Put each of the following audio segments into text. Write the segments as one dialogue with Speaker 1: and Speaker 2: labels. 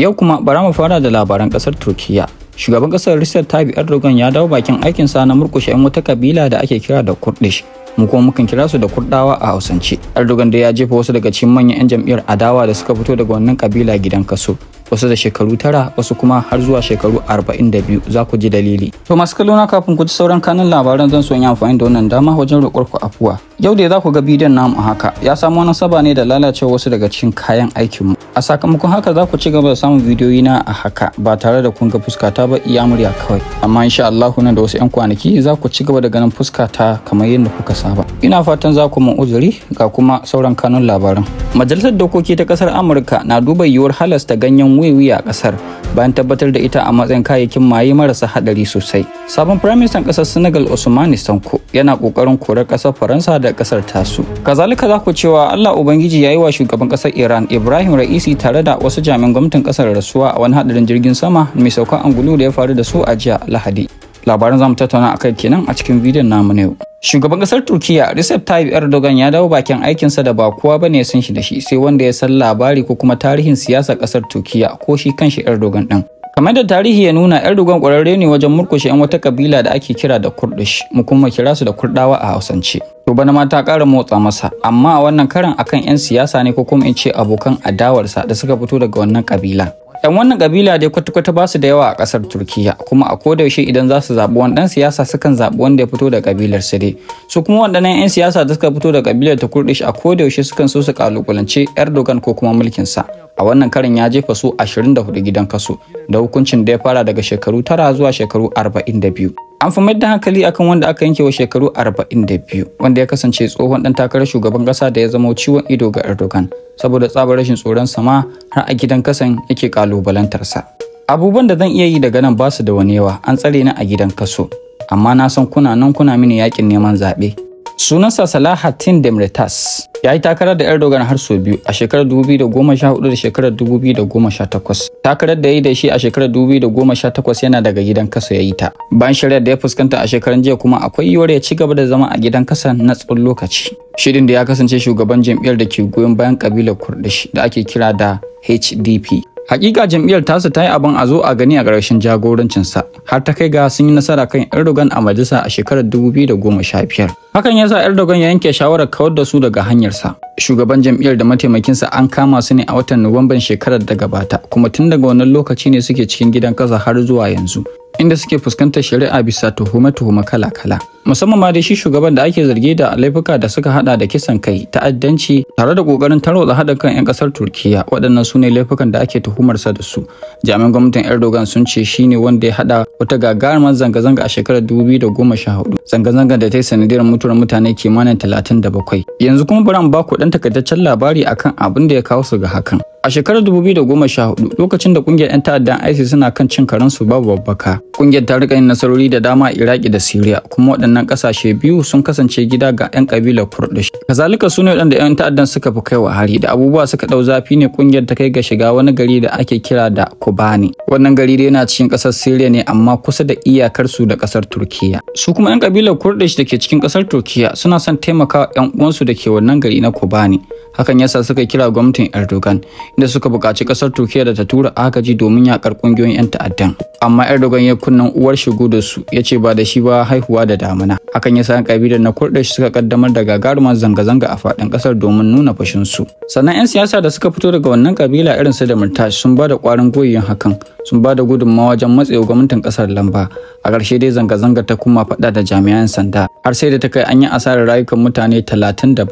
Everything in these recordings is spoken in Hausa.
Speaker 1: Yau kuma bara mu fara da labaran kasar Turkiyya. Shugaban kasar Recep Tayyip Erdogan ya dawo bakin aikin sa na murkushe 'yan wata kabila da ake kira da Kurdish. Mu kuma mukan kira su da Kurdawa a Hausance. Erdogan da ya jefa wasu daga cikin manyan 'yan jam'iyyar adawa da suka fito daga wannan kabila gidan kaso. wasu da shekaru tara wasu kuma har zuwa shekaru arba'in 42 za ku ji dalili. To masu kallo kafin ku ci sauran kanun labaran zan so in amfani da wannan dama wajen roƙar ku afuwa. Yau da za ku ga bidiyon namu a haka ya samu saba ne da lalacewa wasu daga cikin kayan aikin mu. A sakamakon haka za ku ci gaba da samun bidiyoyi na a haka ba tare da kun ga fuska ta ba iya murya kawai. Amma insha Allah nan da wasu 'yan kwanaki za ku ci gaba da ganin ta kamar yadda kuka saba. Ina fatan za ku mun uzuri ga kuma sauran kanun labaran. Majalisar Dokoki ta kasar Amurka na duba yiwuwar halasta ganyen wiwi a kasar bayan tabbatar da ita a matsayin kayayyakin maye marasa hadari sosai sabon firaministan kasar senegal usmani sanko yana kokarin korar kasar faransa da kasar tasu kazalika za ku cewa allah ubangiji ya yi wa shugaban kasar iran ibrahim ra'isi tare da wasu jami'an gwamnatin kasar rasuwa a wani hadarin jirgin sama mai saukan angulu da ya faru da su a jiya lahadi labaran zamu tattauna akai kenan a cikin bidiyon namu na yau shugaban kasar turkiya recep tayyip erdogan ya dawo bakin aikinsa da ba kowa bane ya san shi da shi sai wanda ya san labari ko kuma tarihin siyasar kasar turkiya ko shi kanshi erdogan din kamar da tarihi ya nuna erdogan kwararre ne wajen murkushe 'yan wata kabila da ake kira da kurdish mu kuma kira su da kurdawa a hausance to bana ma ta kara motsa masa amma a wannan karan akan 'yan siyasa ne ko kuma in ce abokan adawarsa da suka fito daga wannan kabila 'yan wannan kabila dai kwata-kwata ba su da yawa a kasar turkiya kuma a yaushe idan za su zaɓi wani ɗan siyasa sukan zaɓi wanda ya fito da kabilar su dai su kuma waɗannan 'yan siyasa da suka fito da kabilar ta kurdish a yaushe sukan so su kalubalance erdogan ko kuma mulkin sa a wannan karin ya jefa su 24 gidan kaso da hukuncin da ya fara daga shekaru tara zuwa shekaru 42 An fi da hankali akan wanda aka yanke wa shekaru 42 wanda ya kasance tsohon dan takarar shugaban kasa da ya zama ciwon ido ga Erdogan saboda tsabar rashin tsoron sama har a gidan kasan yake kalubalantarsa. Abubuwan da zan iya yi daga nan basu da wani yawa an tsare ni a gidan kaso amma na san kuna nan kuna mini yakin neman zaɓe Sunansa Salahattin demretas ya yi takarar da Erdogan har sau biyu a shekarar 2014 da shekarar 2018. Takarar da ya yi da shi a shekarar 2018 yana daga gidan kasa ya yi ta. Bayan shari'ar da ya fuskanta a shekaran jiya kuma akwai yiwuwar ya ci gaba da zama a gidan kasa na tsawon lokaci. Shirin da ya kasance shugaban jam'iyyar da ke goyon bayan kabilar Kurdish da ake kira da HDP. Hakika jam'iyyar tasu ta yi abin a zo a gani a ƙarshen jagorancinsa har ta kai ga sun yi nasara kan Erdogan a majalisa a shekarar 2015. Hakan ya sa Erdogan ya yanke shawarar kawar da su daga hanyarsa. Shugaban jam'iyyar da mataimakinsa an kama su ne a watan Nuwamban shekarar da gabata kuma tun daga wannan lokaci ne suke cikin gidan kasa har zuwa yanzu. inda suke fuskantar shari'a bisa tuhume-tuhume kala-kala. Musamman ma da shi shugaban da ake zargi da laifuka da suka hada da kisan kai, ta'addanci, tare da kokarin tarwatsa haɗin kan 'yan ƙasar Turkiyya, waɗannan su ne laifukan da ake tuhumarsa da su. Jami'an gwamnatin Erdogan sun ce shi ne wanda ya hada wata gagarumar zanga-zanga a shekarar 2014, zanga-zanga da ta yi sanadiyar mutuwar mutane kimanin talatin da bakwai. Yanzu kuma bari ba ku ɗan takaitaccen labari akan abin da ya kawo su ga hakan. A shekarar 2014 lokacin da kungiyar 'yan ta'addan ISIS suna kan cin karensu babu babbaka. Kungiyar ta rika yin nasarori da dama a Iraki da Siriya kuma waɗannan ƙasashe biyu sun kasance gida ga 'yan ƙabilar Kurdish. Kazalika su ne waɗanda 'yan ta'addan suka fi kai wa hari da abubuwa suka ɗau zafi ne kungiyar ta kai ga shiga wani gari da ake kira da Kobani. Wannan gari dai yana cikin ƙasar Siriya ne amma kusa da iyakar su da ƙasar Turkiya. Su kuma 'yan ƙabilar Kurdish da ke cikin ƙasar Turkiya suna son taimakawa 'yan uwansu da ke wannan gari na Kobani. hakan yasa suka kira gwamnatin erdogan inda suka buƙaci ƙasar Turkiyya da ta tura agaji domin yakar ƙungiyoyin 'yan ta'addan amma erdogan ya kunnan uwar shigo da su ya ce ba da shi ba haihuwa da damuna hakan yasa yan kabilar na kurdish suka kaddamar da gagarumar zanga-zanga a faɗin ƙasar domin nuna fashin su sannan 'yan siyasa da suka fito daga wannan kabila irin su da murtash sun ba da ƙwarin goyon hakan sun ba da gudunmawa wajen matsewa gwamnatin kasar lamba a ƙarshe dai zanga-zanga ta kuma faɗa da jami'an sanda har sai da ta kai an yi asarar rayukan mutane 37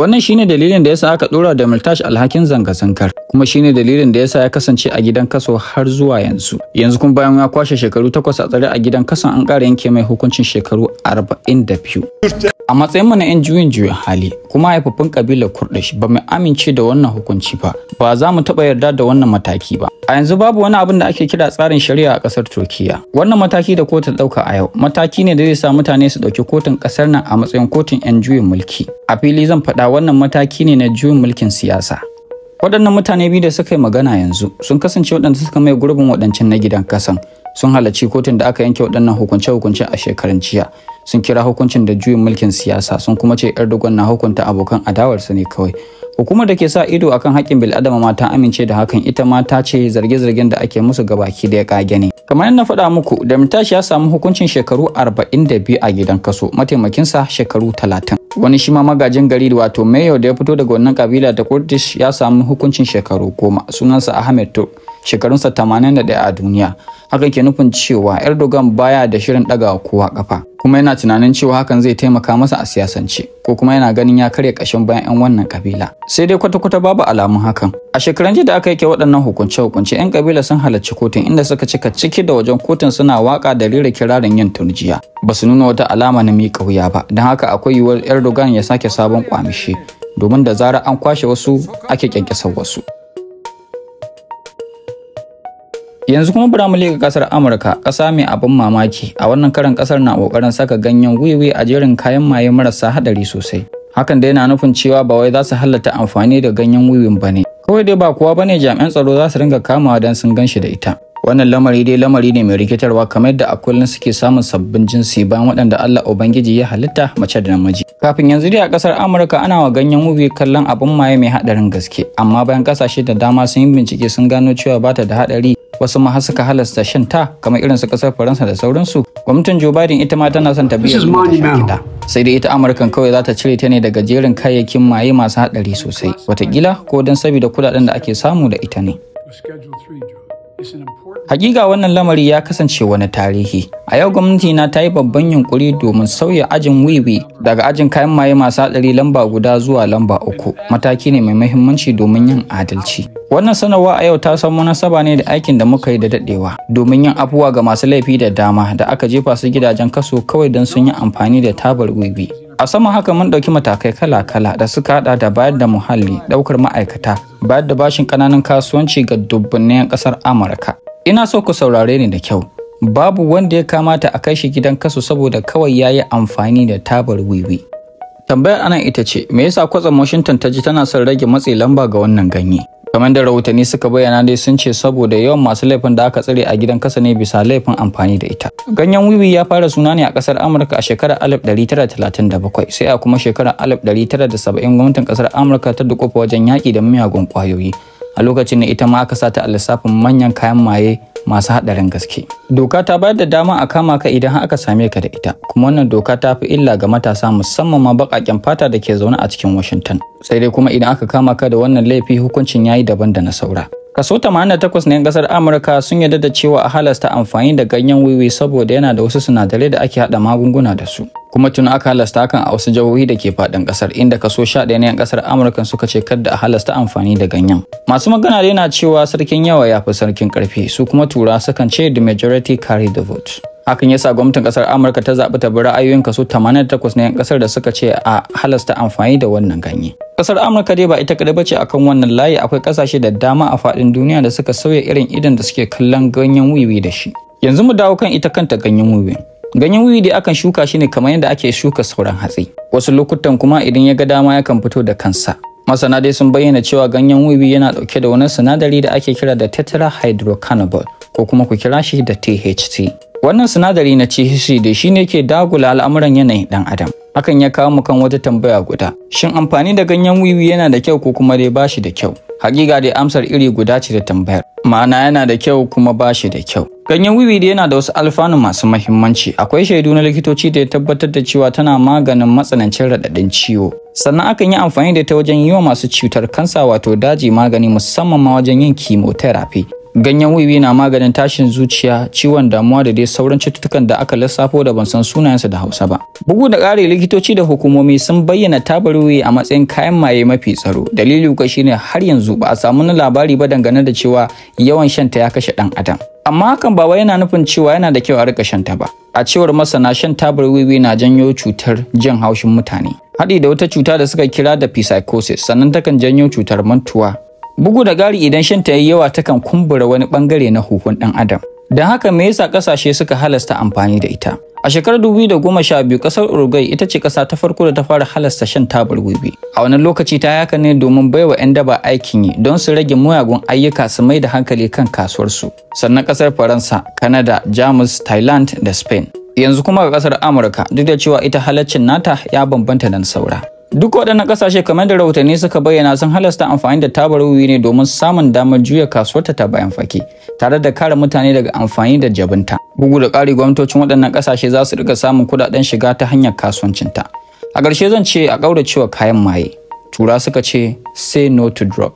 Speaker 1: wannan shine dalilin da yasa aka dora da Miltash alhakin zanga-zangar kuma shine dalilin da yasa ya kasance a gidan kaso har zuwa yanzu yanzu kuma bayan ya kwashe shekaru takwas a tsare a gidan kasan an ƙara yanke mai hukuncin shekaru 42 a matsayinmu na 'yan juyin juyin hali kuma haifafin kabilar kurdish ba mu amince da wannan hukunci ba ba za mu taɓa yarda da wannan mataki ba a yanzu babu wani abin da ake kira tsarin shari'a a ƙasar turkiya wannan mataki da kotun ɗauka a yau mataki ne da zai sa mutane su ɗauki kotun ƙasar nan a matsayin kotun 'yan juyin mulki a fili zan faɗa wannan mataki ne na juyin mulkin siyasa waɗannan mutane biyu da suka yi magana yanzu sun kasance waɗanda suka mai gurbin waɗancan na gidan kasan sun halarci kotun da aka yanke waɗannan hukunce-hukunce a shekaran jiya sun kira hukuncin da juyin mulkin siyasa sun kuma ce erdogan na hukunta abokan adawarsa ne kawai hukumar da ke sa ido akan haƙƙin bil'adama ma ta amince da hakan ita ma ta ce zarge-zargen da ake musu ga baki da ya kage ne kamar yadda na faɗa muku mintashi ya samu hukuncin shekaru 42 a gidan kaso mataimakin sa shekaru 30 wani shi ma magajin gari wato mayor da ya fito daga wannan kabila da kurdish ya samu hukuncin shekaru goma sunansa ahmed turk shekarunsa 81 a duniya haka ke nufin cewa erdogan baya da shirin ɗagawa kowa kafa kuma yana tunanin cewa hakan zai taimaka masa a siyasance ko kuma yana ganin ya karya kashin bayan 'yan wannan kabila sai dai kwata-kwata babu alamun hakan a shekaran da aka yake waɗannan hukunce-hukunce 'yan kabila sun halarci kotun inda suka cika ciki da wajen kotun suna waka da rera kirarin yin turjiya ba su nuna wata alama na miƙa wuya ba don haka akwai yiwuwar erdogan ya sake sabon kwamishi domin da zarar an kwashe wasu ake kyankyasar wasu Yanzu kuma bura ga kasar Amurka, kasa mai abin mamaki. A wannan karan kasar na kokarin saka ganyen wiwi a jerin kayan maye marasa haɗari sosai. Hakan dai na nufin cewa ba wai za su halatta amfani da ganyen wiwin ba ne. Kawai dai ba kuwa ne jami'an tsaro za su ringa kamawa dan sun ganshi da ita. Wannan lamari dai lamari ne mai rikitarwa kamar yadda a kullum suke samun sabbin jinsi bayan waɗanda Allah Ubangiji ya halitta mace da namiji. Kafin yanzu dai a ƙasar Amurka ana wa ganyen wiwi kallon abin maye mai haɗarin gaske, amma bayan ƙasashe da dama sun yi bincike sun gano cewa ba ta da haɗari wasu ma suka halasta shan ta kamar irin su kasar faransa da sauransu gwamnatin joe biden ita ma tana son ta biya sai dai ita amurkan kawai za ta cire ta ne daga jerin kayayyakin maye masu hadari sosai watakila ko don saboda kudaden da ake samu da ita ne Hakika wannan lamari ya kasance wani tarihi. A yau gwamnati na ta yi babban yunkuri domin sauya ajin wiwi daga ajin kayan maye masu haɗari lamba guda zuwa lamba uku. Mataki ne mai muhimmanci domin yin adalci. Wannan sanarwa a yau ta samo nasaba ne da aikin da muka yi da daɗewa domin yin afuwa ga masu laifi da dama da aka jefa su gidajen kaso kawai don sun yi amfani da tabar wiwi. A sama haka mun ɗauki matakai kala-kala da suka haɗa da bayar da muhalli, ɗaukar ma'aikata, bayar da bashin ƙananan kasuwanci ga dubbannin ƙasar Amurka. Ina so ku saurare ni da kyau. Babu wanda ya kamata a kai shi gidan kasu saboda kawai ya yi amfani da tabar wiwi. Tambayar anan ita ce, me yasa kwatsam Washington ta ji tana son rage matsi lamba ga wannan ganye? kamar da rahotanni suka bayyana dai sun ce saboda yawan masu laifin da aka tsare a gidan kasa ne bisa laifin amfani da ita ganyen wiwi ya fara suna ne a kasar amurka a shekarar 1937 sai a kuma shekarar tara da saba'in gwamnatin kasar amurka ta dukufa wajen yaki da miyagun kwayoyi a lokacin ita ma aka sata a lissafin manyan kayan maye masu haɗarin gaske. Doka ta bayar da dama a kama ka idan aka same ka da ita, kuma wannan doka ta fi illa ga matasa musamman ma baƙaƙen fata da ke zaune a cikin Washington. Sai dai kuma idan aka kama ka da wannan laifi hukuncin yayi daban da na saura. Kaso 88 na 'yan kasar Amurka sun yarda da cewa a halasta amfani da ganyen wiwi saboda yana da wasu sinadarai da ake hada magunguna da su. Kuma tun aka halasta hakan a wasu jihohi da ke faɗin kasar, inda kaso 11 na 'yan kasar Amurka suka ce kadda a halasta amfani da ganyen. Masu magana da yana cewa sarkin yawa ya fi sarkin karfi su kuma tura sukan ce the majority carry the vote. hakan yasa gwamnatin kasar amurka ta zaɓi ta bi ra'ayoyin kaso 88 na 'yan kasar da suka ce a halasta amfani da wannan ganye Kasar Amurka dai ba ita kadai bace akan wannan layi akwai kasashe da dama a faɗin duniya da suka sauya irin idan da suke kallon ganyen wiwi da shi. Yanzu mu dawo kan ita kanta ganyen wiwi. Ganyen wiwi dai akan shuka shi ne kamar yadda ake shuka sauran hatsi. Wasu lokutan kuma idan ya ga dama yakan fito da kansa. Masana dai sun bayyana cewa ganyen wiwi yana dauke da wani sinadari da ake kira da tetrahydrocannabinol ko kuma ku kira shi da THC. Wannan sinadari na THC shi ne ke dagula al'amuran yanayin dan adam. hakan ya kawo mu kan wata tambaya guda shin amfani da ganyen wiwi yana da kyau ko kuma dai bashi da kyau hakika dai amsar iri guda ce da tambayar ma'ana yana da kyau kuma bashi da kyau ganyen wiwi dai yana da wasu alfanu masu mahimmanci akwai shaidu na likitoci da ya tabbatar da cewa tana maganin matsanancin raɗaɗin ciwo sannan akan yi amfani da ta wajen yi wa masu cutar kansa wato daji magani musamman ma wajen yin chemotherapy ganyen wiwi na maganin tashin zuciya ciwon damuwa da dai sauran cututtukan da aka lissafo da ban san sunayensa da hausa ba bugu da ƙari likitoci da hukumomi sun bayyana tabar wiwi a matsayin kayan maye mafi tsaro dalili kuwa shine har yanzu ba a samu na labari ba dangane da cewa yawan shan ta ya kashe ɗan adam amma hakan ba wai yana nufin cewa yana da kyau a rika ta ba a cewar masana shan tabar wiwi na janyo cutar jin haushin mutane haɗi da wata cuta da suka kira da psychosis sannan takan janyo cutar mantuwa Bugu da gari idan shan ta yi yawa takan kumbura wani bangare na huhun ɗan adam. Don haka me yasa ƙasashe suka halasta amfani da ita? A shekarar goma sha 2012 kasar Uruguay ita ce ƙasa ta farko da ta fara halasta shan tabar wiwi. A wannan lokaci ta yaka ne domin baiwa 'yan daba aikin yi don su rage muyagun ayyuka su mai da hankali kan kasuwarsu. Sannan ƙasar Faransa, Kanada, Jamus, Thailand da Spain. Yanzu kuma ga ƙasar Amurka duk da cewa ita halaccin nata ya bambanta dan saura. Duk waɗannan ƙasashe kamar da rahotanni suka bayyana sun halasta amfani da tabar wuyi ne domin samun damar juya kasuwarta ta bayan fake, tare da kare mutane daga amfani da jabinta. Bugu da ƙari gwamnatocin waɗannan ƙasashe za su riƙa samun kuɗaɗen shiga ta hanyar kasuwancinta. A ƙarshe zan ce a ƙauracewa kayan maye. Tura suka ce say no to drug.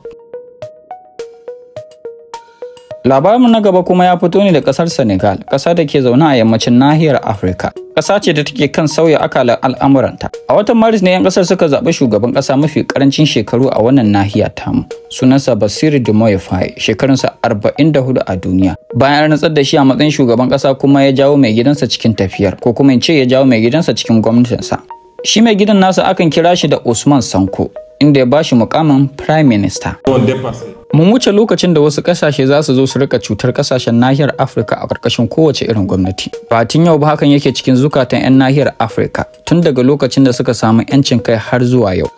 Speaker 1: Labarinmu na gaba kuma ya fito ne da kasar Senegal, ƙasa da ke zaune a yammacin nahiyar Afirka. Ƙasa ce da take kan sauya akalar al'amuranta. A watan Maris ne 'yan kasar suka zaɓi shugaban ƙasa mafi karancin shekaru a wannan nahiya tamu. Sunansa Basiru Dumoye Faye, shekarunsa 44 a duniya. Bayan rantsar da shi a matsayin shugaban ƙasa kuma ya jawo mai gidansa cikin tafiyar, ko kuma in ce ya jawo mai gidansa cikin gwamnatinsa. Shi mai gidan nasa akan kira shi da Usman Sanko, inda ya bashi mukamin Prime Minister. Mun wuce lokacin da wasu kasashe za su zo su rika cutar kasashen nahiyar Afirka a ƙarƙashin kowace irin gwamnati. Ba tun yau ba hakan yake cikin zukatan 'yan nahiyar Afirka tun daga lokacin da suka samu 'yancin kai har zuwa yau.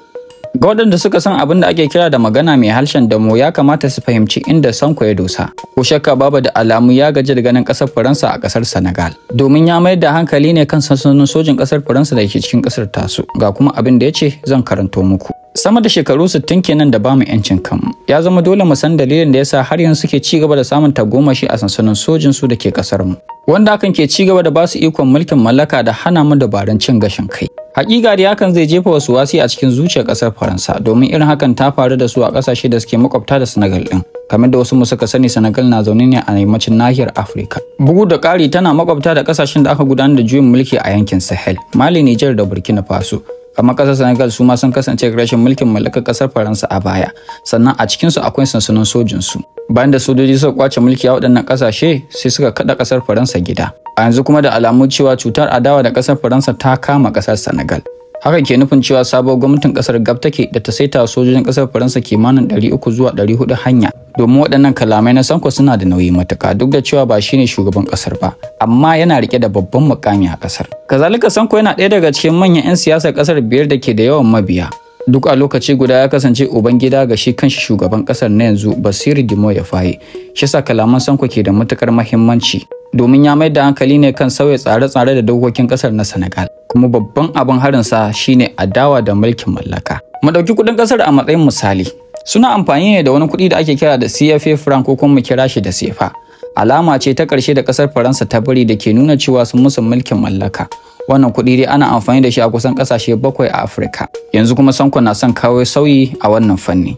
Speaker 1: Ga waɗanda suka san abin da ake kira da magana mai harshen damo ya kamata su fahimci inda Sanko ya dosa. Ko shakka babu da alamu ya gaji da ganin ƙasar Faransa a ƙasar Senegal. Domin ya mayar da hankali ne kan sansanonin sojin ƙasar Faransa da ke cikin ƙasar tasu. Ga kuma abin da ya ce zan karanto muku. sama da shekaru 60 kenan da bamu yancin kanmu ya zama dole mu san dalilin da yasa har yanzu suke ci gaba da samun tagomashi a sansanin sojin su da ke kasar mu wanda hakan ke ci gaba da basu ikon mulkin mallaka da hana mu dabarun cin gashin kai Hakika da hakan zai jefa wasu wasi a cikin zuciyar kasar Faransa domin irin hakan ta faru da su a kasashe da suke makwabta da Senegal din. Kamar da wasu mu suka sani Senegal na zaune ne a yammacin nahiyar Afirka. Bugu da ƙari tana makwabta da kasashen da aka gudanar da juyin mulki a yankin Sahel, Mali, Niger da Burkina Faso. kamar kasar senegal su ma sun kasance rashin mulkin mallakar kasar faransa a baya sannan a cikinsu akwai sansanin sojinsu bayan da sojoji suka kwace mulki a waɗannan ƙasashe sai suka kaɗa ƙasar faransa gida a yanzu kuma da alamu cewa cutar adawa da ƙasar faransa ta kama ƙasar senegal haka ke nufin cewa sabon gwamnatin kasar gab take da ta saita sojojin kasar faransa kimanin 300 zuwa 400 hanya domin waɗannan kalamai na sanko suna da nauyi matuka duk da cewa ba shine shugaban kasar ba amma yana rike da babban mukami a kasar kazalika sanko yana ɗaya daga cikin manyan 'yan siyasar kasar biyar da ke da yawan mabiya duk a lokaci guda ya kasance uban gida ga shi kanshi shugaban kasar na yanzu basiru dimo ya faye shi sa kalaman sanko ke da matukar mahimmanci domin ya mai da hankali ne kan sauya tsare-tsare da dokokin kasar na Senegal kuma babban abin harinsa shine adawa da mulkin mallaka. Mu ɗauki kuɗin ƙasar a matsayin misali. Suna amfani ne da wani kuɗi da ake kira da CFA franc ko kuma mu kira shi da sefa. Alama ce ta ƙarshe da ƙasar Faransa ta bari da ke nuna cewa sun musu mulkin mallaka. wannan kuɗi dai ana amfani da shi a kusan ƙasashe bakwai a afirka yanzu kuma sanko na son kawo sauyi a wannan fanni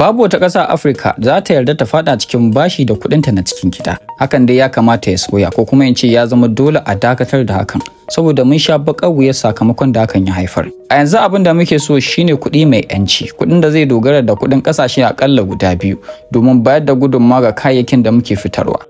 Speaker 1: babu wata ƙasa afirka za ta yarda ta fada cikin bashi da kuɗinta na cikin gida hakan dai ya kamata ya soya ko kuma in ce ya zama dole a dakatar da hakan saboda mun sha baƙar wuyar sakamakon da hakan ya haifar a yanzu abin da muke so shine kuɗi mai yanci kuɗin da zai dogara da kuɗin ƙasashe aƙalla guda biyu domin bayar da gudunmawa ga kayayyakin da muke fitarwa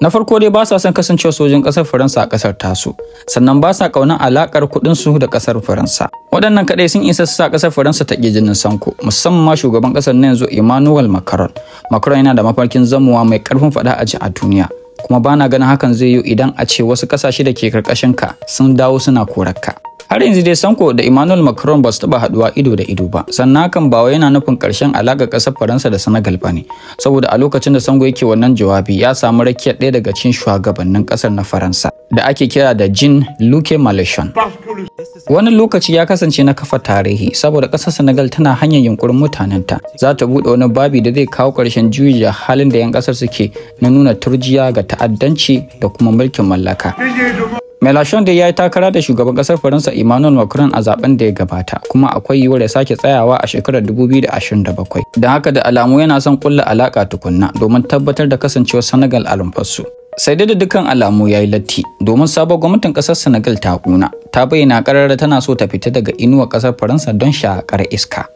Speaker 1: Na farko dai ba sa son kasancewa sojin ƙasar Faransa a kasar tasu, sannan ba sa alakar alaƙar su da ƙasar Faransa. Waɗannan kaɗai sun isa su sa ƙasar Faransa ta ƙi jinin sanko, musamman ma shugaban ƙasar na yanzu Emmanuel Macron. Macron yana da mafarkin zamowa mai karfin faɗa a ji a duniya. Kuma bana ganin hakan zai yiwu idan a ce wasu ƙasashe da ke ƙarƙashin ka sun dawo suna korakka har yanzu dai sanko da emmanuel macron ba su taba haduwa ido da ido ba sannan hakan ba yana nufin karshen alaka ƙasar faransa da senegal ba ne saboda a lokacin da sango yake wannan jawabi ya samu rakiyar ɗaya daga cikin shugabannin ƙasar na faransa da ake kira da jean luke malechon wani lokaci ya kasance na kafa tarihi saboda ƙasar senegal tana hanyar yunkurin mutanenta za ta buɗe wani babi da zai kawo ƙarshen juya halin da 'yan ƙasar suke na nuna turjiya ga ta'addanci da kuma mulkin mallaka Melachon da ya yi takara da shugaban kasar Faransa Emmanuel Macron a zaben da ya gabata, kuma akwai yiwuwar ya sake tsayawa a shekarar 2027. Don haka da alamu yana son kulla alaka tukunna domin tabbatar da kasancewar Senegal a rumfarsu. Sai dai da dukkan alamu ya yi latti, domin sabon gwamnatin kasar Senegal ta kuna, ta bayyana karara tana so ta fita daga inuwar kasar Faransa don shakar iska.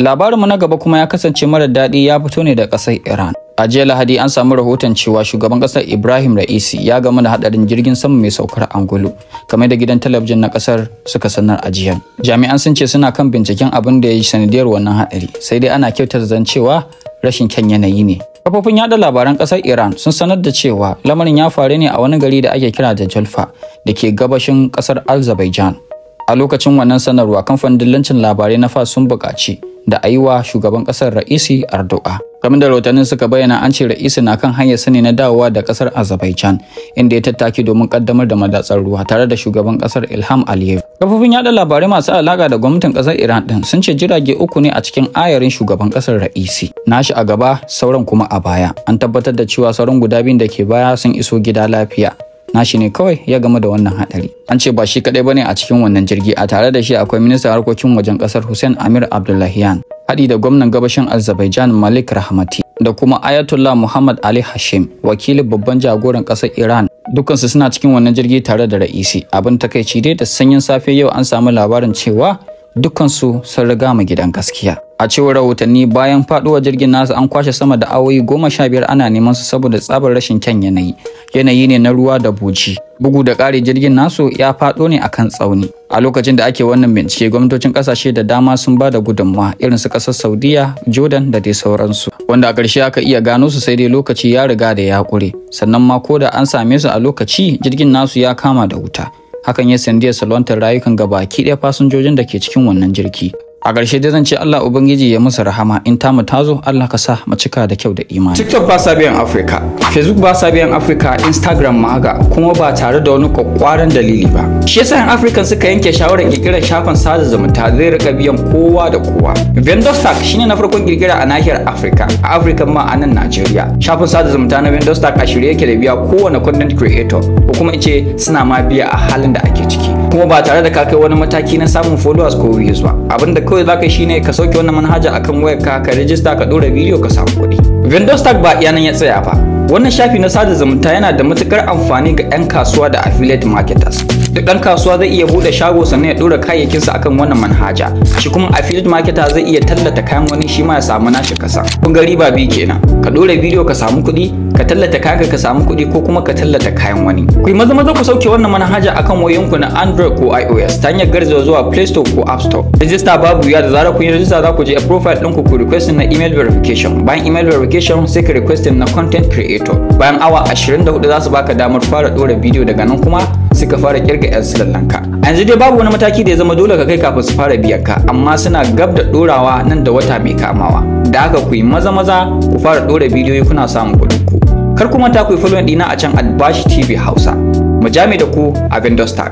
Speaker 1: mu na gaba kuma ya kasance mara daɗi ya fito ne da ƙasar Iran. a jiya lahadi an samu rahoton cewa shugaban kasar ibrahim ra'isi ya gama da hadarin jirgin sama mai saukar angulu kamar da gidan talabijin na kasar suka sanar a jiya jami'an sun ce suna kan binciken abin da ya yi sanadiyar wannan hadari sai dai ana kyautar zan cewa rashin kyan yanayi ne kafofin yada labaran kasar iran sun sanar da cewa lamarin ya faru ne a wani gari da ake kira da jalfa da ke gabashin kasar azerbaijan a lokacin wannan sanarwa kamfanin dillancin labarai na fas sun buƙaci da a yi wa shugaban ƙasar ra'isi ardu'a kamar da rahotannin suka bayyana an ce ra'isu na kan hanyar sani na dawowa da kasar azerbaijan inda ya tattaki domin kaddamar da madatsar ruwa tare da shugaban kasar ilham aliyev kafofin yada labarai masu alaka da gwamnatin kasar iran din sun ce jirage uku ne a cikin ayarin shugaban kasar ra'isi nashi a gaba sauran kuma a baya an tabbatar da cewa sauran guda biyun da ke baya sun iso gida lafiya nashi ne kawai ya game da wannan hadari an ce ba shi kadai bane a cikin wannan jirgi a tare da shi akwai ministan harkokin wajen kasar hussein amir abdullahian haɗi da gwamnan gabashin Azerbaijan Malik Rahmati da kuma Ayatollah Muhammad Ali Hashim, wakilin babban jagoran ƙasar Iran. Dukansu suna cikin wannan jirgi tare da ra'isi. Abin takaici dai da sanyin safe yau an samu labarin cewa dukkansu sun riga mu gidan gaskiya a cewar rahotanni bayan faduwar jirgin nasu an kwashe sama da awoyi goma sha biyar ana neman su saboda tsabar rashin kyan yanayi yanayi ne na ruwa da buci bugu da ƙari jirgin nasu ya fado ne akan tsauni a lokacin da ake wannan bincike gwamnatocin ƙasashe da dama sun ba da gudunmawa irin su ƙasar saudiya jordan da dai sauransu wanda a ƙarshe aka iya gano su sai dai lokaci ya riga da ya ƙure sannan ma ko da an same su a lokaci jirgin nasu ya kama da wuta hakan ya sandiya salwantar rayukan gabaki ɗaya fasinjojin da ke cikin wannan jirgi a ƙarshe dai zan ce Allah ubangiji ya musu rahama in ta tamu tazo Allah ka sa mu cika da kyau da imani TikTok ba sa biyan Afrika, Facebook ba sa biyan Afrika, Instagram ma haka kuma ba tare da wani kwakwaran dalili ba shi yasa yan African suka yanke shawarar kirkirar shafin sada zumunta zai rika biyan kowa da kowa VendoStack shine na farkon kirkira a nahiyar Africa a Africa ma a nan Najeriya shafin sada zumunta na VendoStack a shirye yake da biya kowane content creator ko kuma in ce suna ma biya a halin da ake ciki kuma ba tare da ka kai wani mataki na samun followers ko views ba abinda ko kawai za ka shine ka sauke wannan manhaja akan wayar ka ka rijista ka dora bidiyo ka samu kuɗi. Vendor Stack ba iya nan ya tsaya ba. Wannan shafi na sada zumunta yana da matukar amfani ga 'yan kasuwa da affiliate marketers. Duk ɗan kasuwa zai iya buɗe shago sannan ya ɗora sa akan wannan manhaja. Shi kuma affiliate marketer zai iya tallata kayan wani shi ma ya samu nashi kasa. Kun ga riba biyu kenan. Ka ɗora bidiyo ka samu kuɗi ka tallata kayanka ka samu kuɗi ko kuma ka tallata kayan wani ku maza maza ku sauke wannan manhaja akan wayoyinku na Android ko iOS ta hanyar garzawa zuwa Play Store ko App Store rijista babu ya da zarar kun yi rijista za ku je a profile ɗinku ku request na email verification bayan email verification sai ka request na content creator bayan awa 24 za su baka damar fara ɗora bidiyo daga nan kuma suka fara kirga 'yan silallanka a yanzu dai babu wani mataki da ya zama dole ka kai kafin su fara biyan ka amma suna gab da dorawa nan da wata mai kamawa da haka ku yi maza maza ku fara ɗora bidiyoyi kuna samun kuɗin ku kar kuma ta ku yi following ɗina a can albashi tv hausa mu jami da ku a vendosta